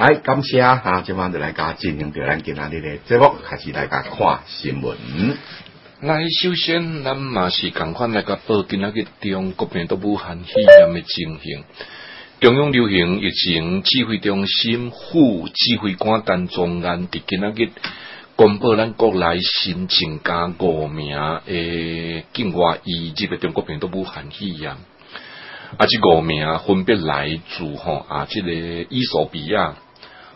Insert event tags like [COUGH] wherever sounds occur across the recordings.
來，感謝啊！哈，今晚就來甲進行着咱今下嘅節目，接落開始來甲看新聞。來，首先，咱嘛是共款來甲報今仔日嘅中國病毒武漢肺炎嘅情形。中央流行疫情指揮中心副指揮官陳宗彥佇今下個公布，咱國內新增加五名誒境外移入嘅中國病毒武漢肺炎。啊，這五名分別來自吼啊，這個伊索比亞。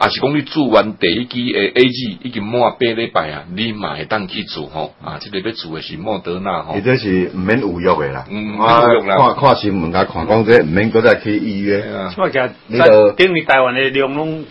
啊！是講你做完第一期的 AZ 已經滿八禮拜啊，你嘛會當去做吼啊！這個要做的是莫德納吼，伊個是唔免預約嘅啦，唔免預約啦。看看是新聞看講者唔免擱再去預約。啊，你就頂你台灣嘅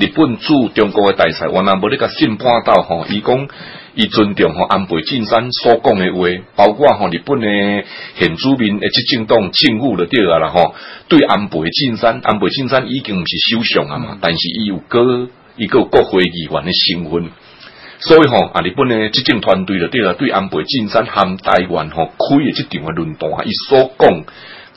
日本駐中國嘅大使，我那無你甲信半道吼，伊講伊尊重吼安倍晉三所講嘅話，包括吼日本咧現主民誒執政黨政府落去啊啦吼，對安倍晉三，安倍晉三已經毋是首相啊嘛，但是伊有各伊各有國會議員嘅身份，所以吼啊日本咧執政團隊落去啊，對安倍晉三含台灣吼開誒即場嘅論斷啊，伊所講。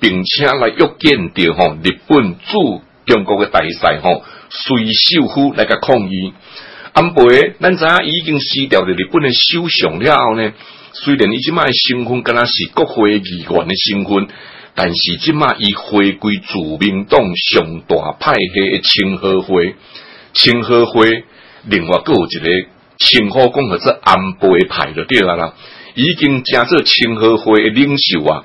並且來約見着吼日本駐中國嘅大使吼，隨秀夫來甲抗議。安倍，咱知影已經失掉了日本嘅首相了後呢？雖然伊即賣身份，敢若是國會議員嘅身份，但是即賣伊回歸自民黨上大派系的清和會，清和會，另外佫有一個清和講號做安倍派就對啊啦，已經成做清和會嘅領袖啊！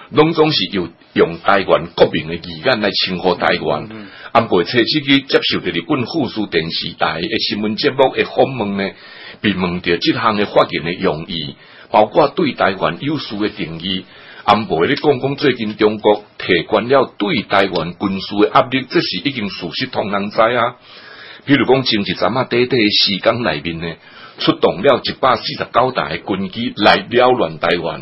攏總是要用台灣國民嘅耳根來稱呼台灣。安倍採取去接受到日本富士電視台嘅新聞節目嘅訪問呢，被問到即項嘅發言嘅用意，包括對台灣有事嘅定義。安倍你講講最近中國提關了對台灣軍事嘅壓力，這是已經熟實通人知啊。比如講前一陣啊，短短嘅時間內面呢，出動了一百四十九台嘅軍機來擾亂台灣。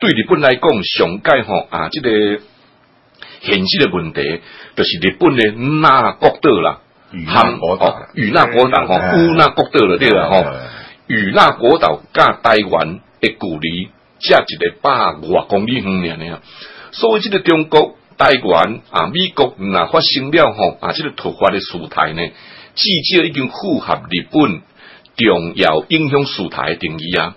對日本來講，上街嗬啊，即、這個現實的問題，就是日本嘅哪國島啦，與那國，與那國人嗬，烏那國島嗰啲啊嗬，與那國島加台灣的距離只一百五十公里遠呢。 [LAUGHS] 所以即個中國台灣啊、美國嗱發生了吼啊，即個突發的事態呢，至少已經符合日本重要影響事態嘅定義啊。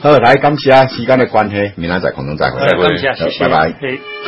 好，大家感謝時間的關係，明天再共同再會，拜拜。